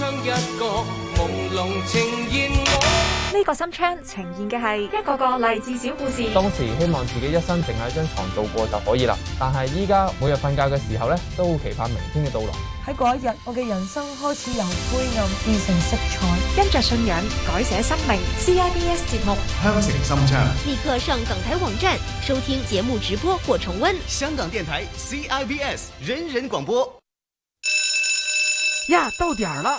呢個心窗呈現嘅係一個個勵志小故事。當時希望自己一生淨喺張床度過就可以啦，但係依家每日瞓覺嘅時候咧，都好期盼明天嘅到來。喺嗰一日，我嘅人生開始由灰暗變成色彩，因着信仰改寫生命。C I B S 節目《香城心窗》，立刻上港台網站收聽節目直播或重溫。香港電台 C I B S 人人廣播。呀，到點啦。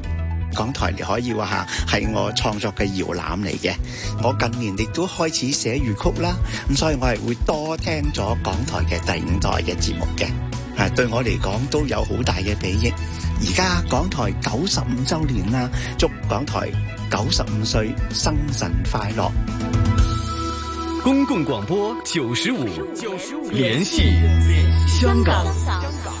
港台你可以話吓，係我創作嘅搖籃嚟嘅。我近年亦都開始寫粵曲啦，咁所以我係會多聽咗港台嘅第五代嘅節目嘅，係對我嚟講都有好大嘅裨益。而家港台九十五周年啦，祝港台九十五歲生辰快樂！公共廣播九十五，聯繫香港。